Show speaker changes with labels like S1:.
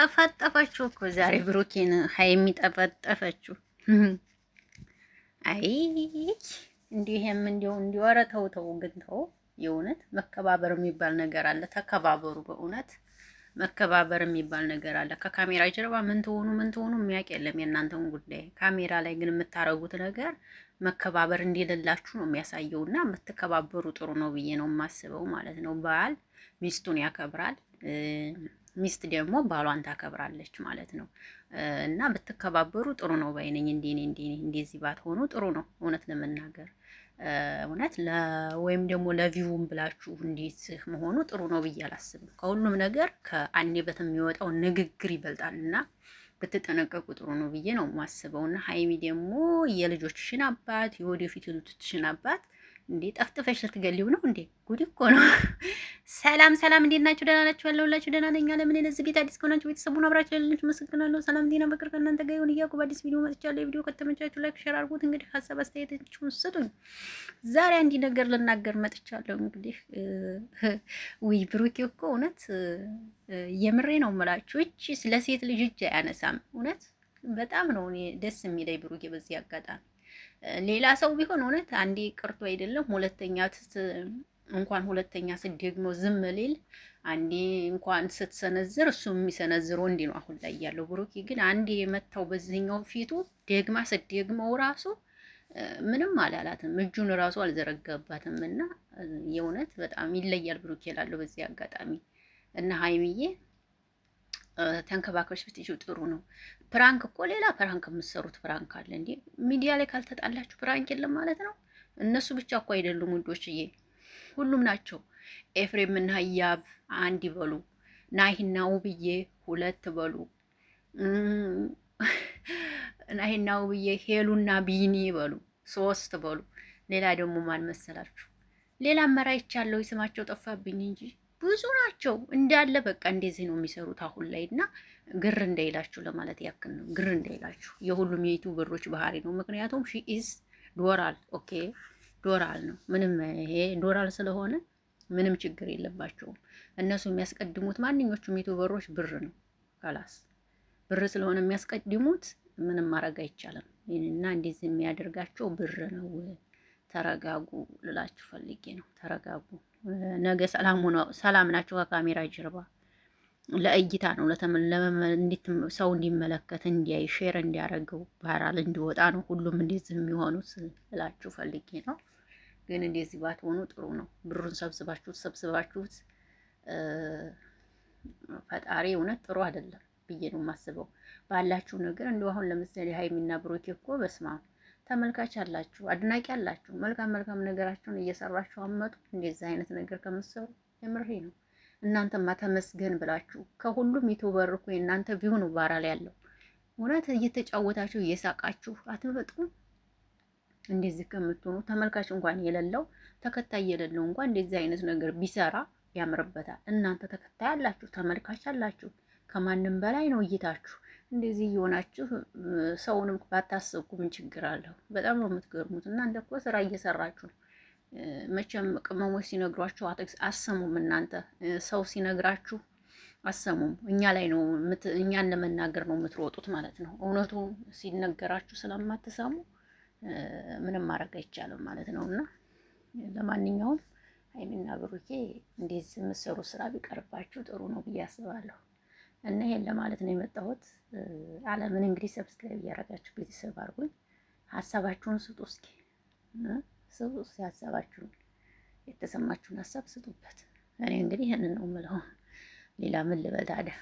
S1: ጠፈጠፈችው እኮ ዛሬ ብሩኬን ሀይሚ ጠፈጠፈችው። አይ እንዲህም እንዲው እንዲወረ ተው ተው፣ ግን ተው። የእውነት መከባበር የሚባል ነገር አለ። ተከባበሩ። በእውነት መከባበር የሚባል ነገር አለ። ከካሜራ ጀርባ ምን ትሆኑ ምን ትሆኑ የሚያውቅ የለም የእናንተን ጉዳይ። ካሜራ ላይ ግን የምታረጉት ነገር መከባበር እንደሌላችሁ ነው የሚያሳየው። እና የምትከባበሩ ጥሩ ነው ብዬ ነው የማስበው ማለት ነው። ባል ሚስቱን ያከብራል። ሚስት ደግሞ ባሏን ታከብራለች ማለት ነው። እና ብትከባበሩ ጥሩ ነው ባይነኝ። እንዲኔ እንዲኔ እንደዚህ ባትሆኑ ጥሩ ነው እውነት ለመናገር እውነት ወይም ደግሞ ለቪውም ብላችሁ እንዴት መሆኑ ጥሩ ነው ብዬ አላስብም። ከሁሉም ነገር ከአንደበት የሚወጣው ንግግር ይበልጣል እና ብትጠነቀቁ ጥሩ ነው ብዬ ነው የማስበው። እና ሀይሚ ደግሞ የልጆችሽን አባት የወደፊት ልጆችሽን አባት እንዴ ጠፍጥፈሽ ልትገሊው ነው እንዴ? ጉድ እኮ ነው። ሰላም ሰላም፣ እንዴት ናችሁ? ደህና ናችሁ? ያለሁላችሁ ደህና ነኝ። ለምን እዚህ ቤት አዲስ ከሆናችሁ ቤተሰቡን አብራችሁ ያለናችሁ መሰግናለሁ። ሰላም ጤና ፍቅር ከእናንተ ጋር ይሁን እያልኩ በአዲስ ቪዲዮ መጥቻለሁ። የቪዲዮ ከተመቻችሁ ላይክ፣ ሼር አድርጉት። እንግዲህ ሀሳብ አስተያየታችሁን ስጡኝ። ዛሬ አንድ ነገር ልናገር መጥቻለሁ። እንግዲህ ውይ ብሩኬ እኮ እውነት የምሬ ነው የምላችሁ፣ እች ለሴት ልጅ እጅ አያነሳም። እውነት በጣም ነው እኔ ደስ የሚለኝ ብሩኬ በዚህ አጋጣሚ። ሌላ ሰው ቢሆን እውነት አንዴ ቅርቶ አይደለም ሁለተኛ ትት እንኳን ሁለተኛ ስደግመው ዝም ሊል አንዴ እንኳን ስትሰነዝር እሱ የሚሰነዝር ወንድ ነው አሁን ላይ ያለው። ብሩኬ ግን አንዴ የመታው በዚህኛው ፊቱ ደግማ ስደግመው ራሱ ምንም አላላትም፣ እጁን ራሱ አልዘረጋባትም። እና የእውነት በጣም ይለያል ብሩኬ እላለሁ በዚህ አጋጣሚ እና ሀይሚዬ ተንከባከበሽ ብትይው ጥሩ ነው። ፕራንክ እኮ ሌላ ፕራንክ የምትሰሩት ፕራንክ አለ እንዴ! ሚዲያ ላይ ካልተጣላችሁ ፕራንክ የለም ማለት ነው። እነሱ ብቻ እኮ አይደሉም ውዶችዬ ሁሉም ናቸው። እና ያብ አንድ ይበሉ፣ ናሂናው ብዬ ሁለት በሉ፣ ናሂናው ብዬ ሄሉና ቢኒ ይበሉ፣ ሶስት በሉ። ሌላ ደግሞ ማን መሰላችሁ? ሌላ አመራ ይቻለው ስማቸው ጠፋብኝ እንጂ ብዙ ናቸው እንዳለ። በቃ እንደዚህ ነው የሚሰሩት አሁን ላይ እና ግር እንዳይላችሁ ለማለት ያክል ነው። ግር እንዳይላችሁ የሁሉም የዩቱበሮች ባህሪ ነው። ምክንያቱም ሺ ኢዝ ዶራል ኦኬ ዶራል ነው። ምንም ይሄ ዶራል ስለሆነ ምንም ችግር የለባቸውም። እነሱ የሚያስቀድሙት ማንኞቹም ዩቱበሮች ብር ነው። ከላስ ብር ስለሆነ የሚያስቀድሙት ምንም ማድረግ አይቻልም። እና እንደዚህ የሚያደርጋቸው ብር ነው። ተረጋጉ ልላችሁ ፈልጌ ነው። ተረጋጉ። ነገ ሰላም ናቸው ከካሜራ ጀርባ ለእይታ ነው ሰው እንዲመለከት እንዲያይ ሼር እንዲያደርገው ባህራል እንዲወጣ ነው ሁሉም እንደዚህ የሚሆኑት እላችሁ ፈልጌ ነው። ግን እንደዚህ ባትሆኑ ጥሩ ነው። ብሩን ሰብስባችሁት ሰብስባችሁት ፈጣሪ እውነት ጥሩ አይደለም ብዬ ነው የማስበው። ባላችሁ ነገር እንዲሁ አሁን ለምሳሌ ሀይሚና ብሩኬ እኮ በስማ ተመልካች አላችሁ፣ አድናቂ አላችሁ። መልካም መልካም ነገራችሁን እየሰራችሁ አመጡ። እንደዚህ አይነት ነገር ከምትሰሩ የምርሄ ነው እናንተማ ተመስገን ብላችሁ ከሁሉም የተወርኩ የእናንተ ቪው ነው ባራ ላይ ያለው። እውነት እየተጫወታችሁ እየሳቃችሁ አትመጡም? እንደዚህ ከምትሆኑ ተመልካች እንኳን የሌለው ተከታይ የሌለው እንኳን እንደዚህ አይነት ነገር ቢሰራ ያምርበታል። እናንተ ተከታይ አላችሁ፣ ተመልካች አላችሁ። ከማንም በላይ ነው እይታችሁ። እንደዚህ እየሆናችሁ ሰውንም ባታሰጉ ምን ችግር አለው? በጣም ነው የምትገርሙት። እናንተ እኮ ስራ እየሰራችሁ ነው። መቼም ቅመሞች ሲነግሯችሁ አሰሙም። እናንተ ሰው ሲነግራችሁ አሰሙም። እኛ ላይ ነው እኛን ለመናገር ነው የምትሮጡት ማለት ነው። እውነቱ ሲነገራችሁ ስለማትሰሙ ምንም ማድረግ አይቻልም ማለት ነው። እና ለማንኛውም ሀይሚና ብሩኬ እንደዚህ የምትሰሩ ስራ ቢቀርባችሁ ጥሩ ነው ብዬ አስባለሁ። እና ይሄን ለማለት ነው የመጣሁት። አለምን እንግዲህ ሰብስክራይብ እያደረጋችሁ ቤተሰብ አድርጉኝ። ሀሳባችሁን ስጡ እስኪ ሰው ሀሳባችሁን የተሰማችሁን ሀሳብ ስጡበት። እኔ እንግዲህ ይህንን ነው የምለው። ሌላ ምን ልበል ታዲያ?